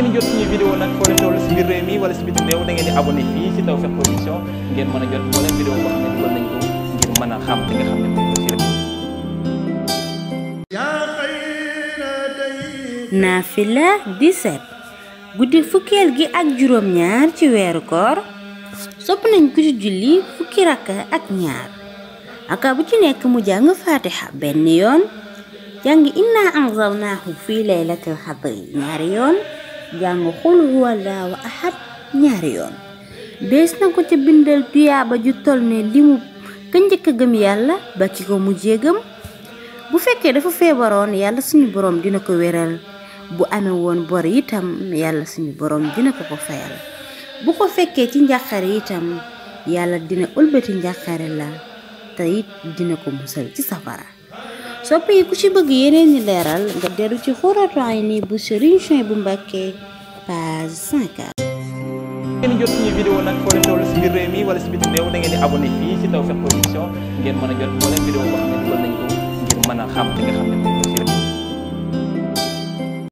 ngeen jot di abonné a jot moo leen vidéo boo la fi naafila 17 guddi fukkeel gi ak juróom-ñaar ci weeru koor sopp nañ ko ci julli fukki rakka ak ñaar aka bu ci nekk mu jàng fatiha benn yoon jàng inna anzalnaahu fii laylatil qadri ñaari yoon jàng xul huwallaahu ahad ñaari yoon bees na ko ca bindal tuyaaba ju tol ne li mu gëm yàlla ba ci ko mujjee gëm bu fekkee dafa feebaroon yàlla suñu borom dina ko wéral bu amee woon bor itam yàlla suñu borom dina ko ko fayal bu ko fekkee ci njàqare itam yàlla dina ëlbati njàqare la te it dina ko musal ci safara sopp yi ku ci bëgg yeneen leeral nga dellu ci Xuratul Ayni bu Sëriñ Cheikh bu Mbàkke page 104 ngeen jot suñu vidéo nag foo leen toll si biir réew mi wala si bitim réew da ngeen di abonné fii si Tawfekh ngeen mën jot moo leen vidéo boo xam ne